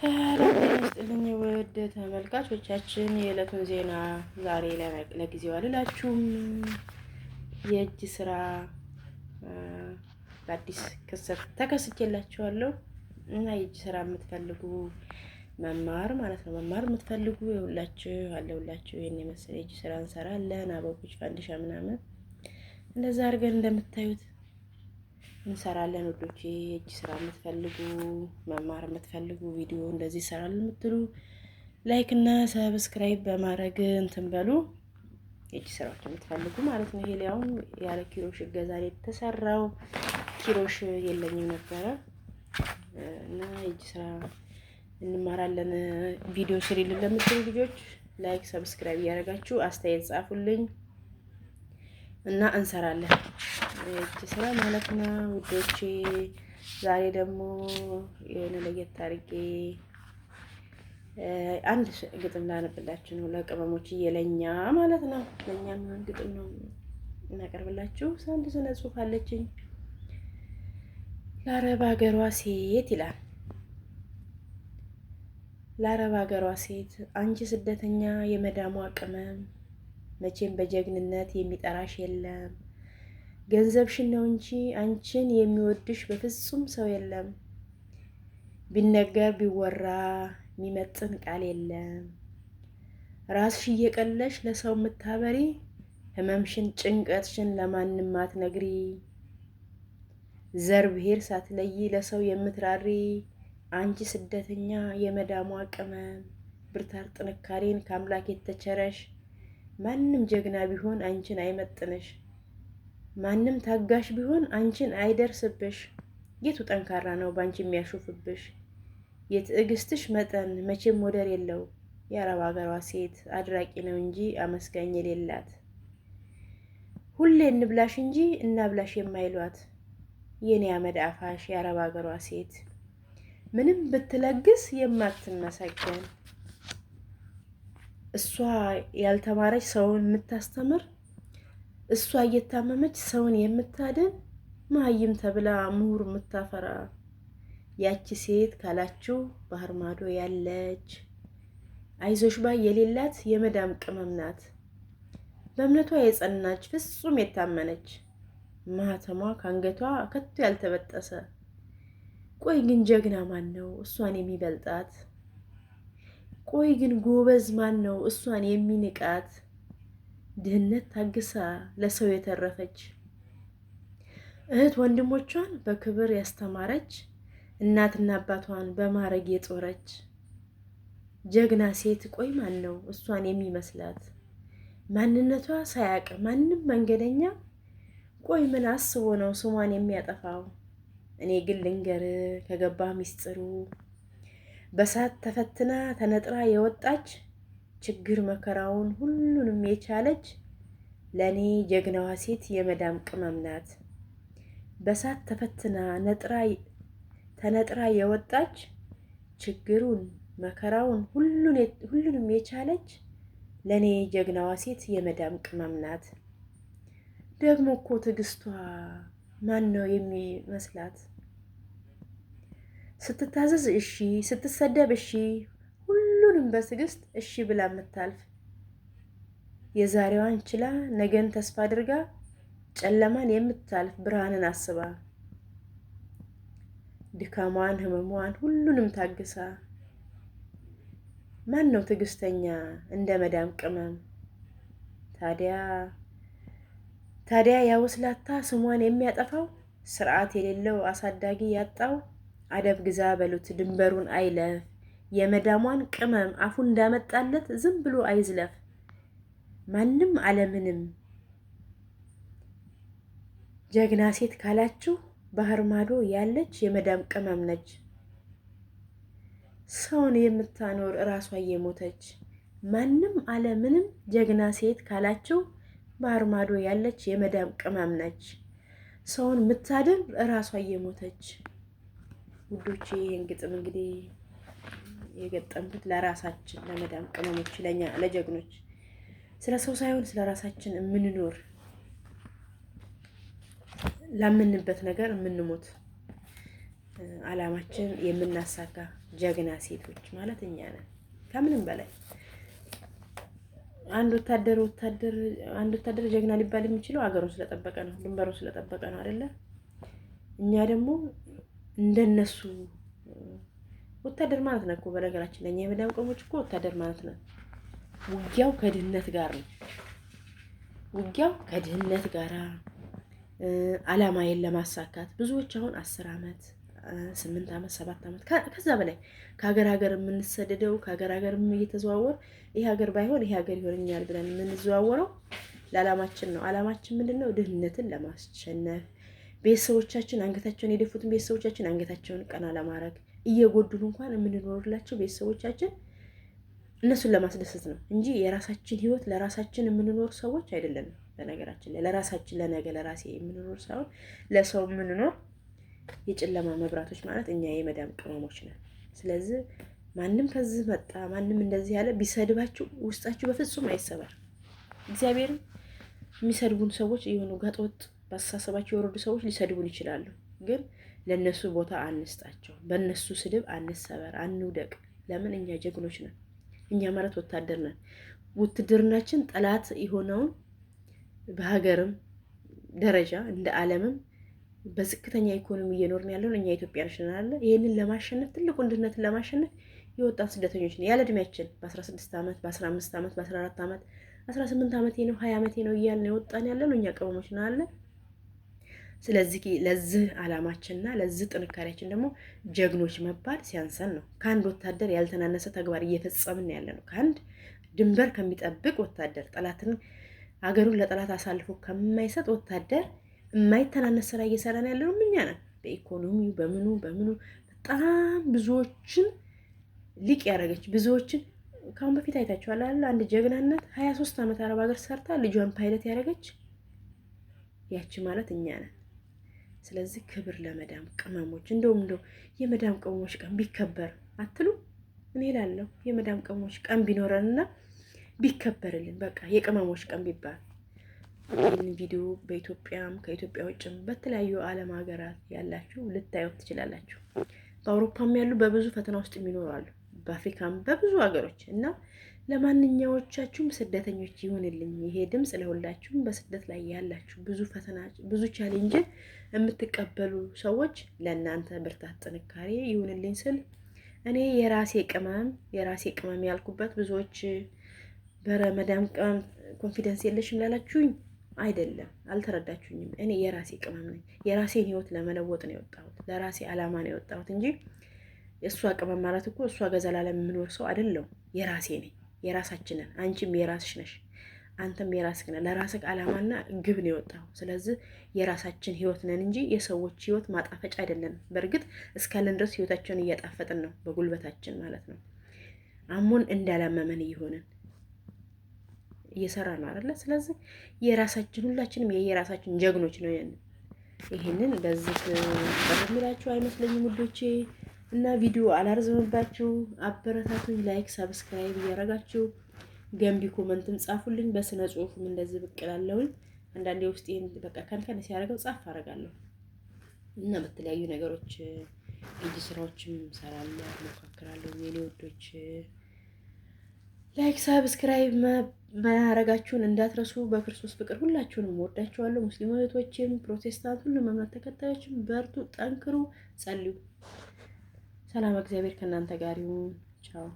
ሰላም ይስጥልኝ ውድ ተመልካቾቻችን፣ የዕለቱን ዜና ዛሬ ለጊዜው አልላችሁም። የእጅ ስራ በአዲስ ክስተት ተከስቼላችኋለሁ እና የእጅ ስራ የምትፈልጉ መማር ማለት ነው መማር የምትፈልጉ የሁላችሁ አለሁላችሁ። ይህን የመሰለ የእጅ ስራ እንሰራለን። አበቦች፣ ፋንዲሻ ምናምን እንደዛ አድርገን እንደምታዩት እንሰራለን ውዶቼ። የእጅ ስራ የምትፈልጉ መማር የምትፈልጉ ቪዲዮ እንደዚህ ይሰራል የምትሉ ላይክ እና ሰብስክራይብ በማድረግ እንትን በሉ። የእጅ ስራዎች የምትፈልጉ ማለት ነው። ይሄ ሊያውም ያለ ኪሮሽ እገዛ የተሰራው ኪሮሽ የለኝም ነበረ እና የእጅ ስራ እንማራለን ቪዲዮ ስሪልን ለምትሉ ልጆች ላይክ ሰብስክራይብ እያደረጋችሁ አስተያየት ጻፉልኝ እና እንሰራለን። የእጅ ስራ ማለት ነው ውዶቼ። ዛሬ ደግሞ የሆነ ለየት አድርጌ አንድ ግጥም ላነብላችሁ ነው፣ ለቅመሞችዬ ለእኛ ማለት ነው። ለእኛ የሚሆን ግጥም ነው እናቀርብላችሁ። አንድ ስነ ጽሁፍ አለችኝ። ለአረብ ሀገሯ ሴት ይላል። ለአረብ ሀገሯ ሴት አንቺ ስደተኛ የመዳሟ ቅመም መቼም በጀግንነት የሚጠራሽ የለም ገንዘብሽን ነው እንጂ አንቺን የሚወድሽ በፍጹም ሰው የለም። ቢነገር ቢወራ የሚመጥን ቃል የለም። ራስሽ እየቀለሽ ለሰው የምታበሪ ህመምሽን፣ ጭንቀትሽን ለማንም አትነግሪ። ዘር ብሔር ሳትለይ ለሰው የምትራሪ አንቺ ስደተኛ የመዳሟ ቅመም ብርታት ጥንካሬን ከአምላክ የተቸረሽ ማንም ጀግና ቢሆን አንቺን አይመጥንሽ። ማንም ታጋሽ ቢሆን አንቺን አይደርስብሽ። ጌቱ ጠንካራ ነው በአንቺ የሚያሾፍብሽ። የትዕግስትሽ መጠን መቼም ወደር የለው። የአረብ ሀገሯ ሴት አድራቂ ነው እንጂ አመስጋኝ የሌላት። ሁሌ እንብላሽ እንጂ እናብላሽ የማይሏት የኔ አመድ አፋሽ የአረብ ሀገሯ ሴት ምንም ብትለግስ የማትመሰገን እሷ ያልተማረች ሰውን የምታስተምር እሷ እየታመመች ሰውን የምታድን መሀይም ተብላ ምሁር የምታፈራ ያቺ ሴት ካላችሁ ባህር ማዶ ያለች አይዞሽ ባይ የሌላት የመዳም ቅመም ናት። በእምነቷ የጸናች ፍጹም የታመነች ማህተሟ ከአንገቷ ከቶ ያልተበጠሰ። ቆይ ግን ጀግና ማን ነው እሷን የሚበልጣት? ቆይ ግን ጎበዝ ማን ነው እሷን የሚንቃት? ድህነት ታግሳ ለሰው የተረፈች እህት ወንድሞቿን በክብር ያስተማረች እናትና አባቷን በማረግ የጦረች ጀግና ሴት ቆይ ማን ነው እሷን የሚመስላት? ማንነቷ ሳያቅ ማንም መንገደኛ ቆይ ምን አስቦ ነው ስሟን የሚያጠፋው? እኔ ግን ልንገር ከገባ ሚስጥሩ በሳት ተፈትና ተነጥራ የወጣች ችግር መከራውን ሁሉንም የቻለች ለእኔ ጀግናዋ ሴት የመዳም ቅመም ናት። በሳት ተፈትና ተነጥራ የወጣች ችግሩን መከራውን ሁሉንም የቻለች ለእኔ ጀግናዋ ሴት የመዳም ቅመም ናት። ደግሞ እኮ ትዕግስቷ ማን ነው የሚመስላት? ስትታዘዝ እሺ፣ ስትሰደብ እሺ፣ ሁሉንም በትዕግስት እሺ ብላ የምታልፍ የዛሬዋን ችላ ነገን ተስፋ አድርጋ ጨለማን የምታልፍ ብርሃንን አስባ ድካሟን፣ ህመሟን ሁሉንም ታግሳ ማን ነው ትዕግስተኛ እንደ መዳም ቅመም? ታዲያ ታዲያ ያውስላታ ስሟን የሚያጠፋው ስርዓት የሌለው አሳዳጊ ያጣው አደብ ግዛ በሉት ድንበሩን አይለፍ። የመዳሟን ቅመም አፉ እንዳመጣለት ዝም ብሎ አይዝለፍ። ማንም አለምንም ጀግና ሴት ካላችሁ ባህር ማዶ ያለች የመዳም ቅመም ነች። ሰውን የምታኖር እራሷ የሞተች ማንም አለምንም ጀግና ሴት ካላችሁ ባህር ማዶ ያለች የመዳም ቅመም ነች። ሰውን የምታድር እራሷ የሞተች ውዶቼ ይህን ግጥም እንግዲህ የገጠምኩት ለራሳችን ለመዳም ቅመሞች፣ ለኛ ለጀግኖች፣ ስለ ሰው ሳይሆን ስለ ራሳችን የምንኖር ላምንበት ነገር የምንሞት አላማችን የምናሳካ ጀግና ሴቶች ማለት እኛ ነን። ከምንም በላይ አንድ ወታደር ወታደር አንድ ወታደር ጀግና ሊባል የሚችለው አገሩን ስለጠበቀ ነው፣ ድንበሩን ስለጠበቀ ነው አይደለ? እኛ ደግሞ እንደነሱ ወታደር ማለት ነው እኮ በነገራችን ለኛ የመዳም ቆሞች እኮ ወታደር ማለት ነው። ውጊያው ከድህነት ጋር ነው። ውጊያው ከድህነት ጋራ አላማዬን ለማሳካት ብዙዎች አሁን አስር ዓመት ስምንት ዓመት ሰባት ዓመት ከዛ በላይ ከሀገር ሀገር የምንሰደደው ከሀገር ሀገር እየተዘዋወር ይሄ ሀገር ባይሆን ይሄ ሀገር ይሆንኛል ብለን የምንዘዋወረው ለዓላማችን ነው። ዓላማችን ምንድን ነው? ድህነትን ለማስሸነፍ ቤተሰቦቻችን አንገታቸውን የደፉትን ቤተሰቦቻችን አንገታቸውን ቀና ለማድረግ እየጎዱን እንኳን የምንኖርላቸው ቤተሰቦቻችን እነሱን ለማስደሰት ነው እንጂ የራሳችን ህይወት ለራሳችን የምንኖር ሰዎች አይደለም በነገራችን ላይ ለራሳችን ለነገ ለራሴ የምንኖር ሳይሆን ለሰው የምንኖር የጨለማ መብራቶች ማለት እኛ የመዳም ቅመሞች ነን። ስለዚህ ማንም ከዚህ መጣ ማንም እንደዚህ ያለ ቢሰድባችሁ ውስጣችሁ በፍጹም አይሰበር። እግዚአብሔር የሚሰድቡን ሰዎች የሆኑ ጋጠወጥ በአስተሳሰባቸው የወረዱ ሰዎች ሊሰድቡን ይችላሉ ግን ለእነሱ ቦታ አንስጣቸው። በእነሱ ስድብ አንሰበር፣ አንውደቅ። ለምን እኛ ጀግኖች ነን። እኛ ማለት ወታደር ነን። ውትድርናችን ጠላት የሆነውን በሀገርም ደረጃ እንደ ዓለምም በዝቅተኛ ኢኮኖሚ እየኖርን ያለውን እኛ ኢትዮጵያኖች ነን አለ። ይህንን ለማሸነፍ ትልቁ አንድነትን ለማሸነፍ የወጣት ስደተኞች ነው ያለ እድሜያችን በ16 ዓመት በ15 ዓመት በ14 ዓመት 18 ዓመቴ ነው 20 ዓመቴ ነው እያልን የወጣን ያለን እኛ ቅመሞች ነን አለ። ስለዚህ ለዚህ አላማችንና ለዚህ ጥንካሬያችን ደግሞ ጀግኖች መባል ሲያንሰን ነው። ከአንድ ወታደር ያልተናነሰ ተግባር እየፈጸምን ያለ ነው። ከአንድ ድንበር ከሚጠብቅ ወታደር፣ ጠላትን አገሩን ለጠላት አሳልፎ ከማይሰጥ ወታደር የማይተናነስ ስራ እየሰራ ነው ያለነው እኛ ነን። በኢኮኖሚ በምኑ በምኑ በጣም ብዙዎችን ሊቅ ያደረገች ብዙዎችን ከአሁን በፊት አይታችኋል። አንድ ጀግናነት ሀያ ሶስት ዓመት አረብ ሀገር ሰርታ ልጇን ፓይለት ያደረገች ያቺ ማለት እኛ ነን። ስለዚህ ክብር ለመዳም ቅመሞች። እንደውም እንደው የመዳም ቅመሞች ቀን ቢከበር አትሉ እኔ እላለሁ። የመዳም ቅመሞች ቀን ቢኖረንና ቢከበርልን በቃ የቅመሞች ቀን ቢባል። ይህን ቪዲዮ በኢትዮጵያም ከኢትዮጵያ ውጭም በተለያዩ ዓለም ሀገራት ያላችሁ ልታዩት ትችላላችሁ። በአውሮፓም ያሉ በብዙ ፈተና ውስጥ የሚኖሩ አሉ። በአፍሪካም በብዙ ሀገሮች እና ለማንኛዎቻችሁም ስደተኞች ይሆንልኝ ይሄ ድምፅ። ለሁላችሁም በስደት ላይ ያላችሁ ብዙ ፈተና፣ ብዙ ቻሌንጅ የምትቀበሉ ሰዎች ለእናንተ ብርታት፣ ጥንካሬ ይሁንልኝ ስል እኔ የራሴ ቅመም የራሴ ቅመም ያልኩበት ብዙዎች በረመዳም ቅመም ኮንፊደንስ የለሽም ላላችሁኝ አይደለም፣ አልተረዳችሁኝም። እኔ የራሴ ቅመም ነኝ። የራሴን ህይወት ለመለወጥ ነው የወጣሁት፣ ለራሴ አላማ ነው የወጣሁት እንጂ እሷ ቅመም ማለት እኮ እሷ ገዛ ላለ የምኖር ሰው አይደለሁም። የራሴ ነኝ። የራሳችን ነን። አንቺም የራስሽ ነሽ፣ አንተም የራስህ ነህ። ለራስህ ዓላማና ግብ ነው የወጣው። ስለዚህ የራሳችን ህይወት ነን እንጂ የሰዎች ህይወት ማጣፈጫ አይደለንም። በእርግጥ እስካለን ድረስ ህይወታቸውን እያጣፈጥን ነው፣ በጉልበታችን ማለት ነው። አሞን እንዳላመመን እየሆንን እየሰራ ነው አይደለ? ስለዚህ የራሳችን ሁላችንም የራሳችን ጀግኖች ነው። ይህንን በዚህ የሚላችሁ አይመስለኝም ውዶቼ። እና ቪዲዮ አላርዝምባችሁ፣ አበረታቱኝ። ላይክ፣ ሰብስክራይብ እያረጋችሁ ገንቢ ኮመንትም ጻፉልኝ። በስነ ጽሁፍም እንደዚህ ብቅ እላለሁኝ። አንዳንዴ ውስጤን በቃ ከንከን ሲያደርገው ጻፍ አደርጋለሁ እና በተለያዩ ነገሮች እጅ ስራዎችም እሰራለሁ፣ ሞካክራለሁ። የኔ ወዶች ላይክ ሰብስክራይብ ማያረጋችሁን እንዳትረሱ። በክርስቶስ ፍቅር ሁላችሁንም ወዳችኋለሁ። ሙስሊም እህቶችም ፕሮቴስታንት ሁሉም እምነት ተከታዮችም በርቱ፣ ጠንክሩ፣ ጸልዩ። ሰላም፣ እግዚአብሔር ከእናንተ ጋር ይሁን። ቻው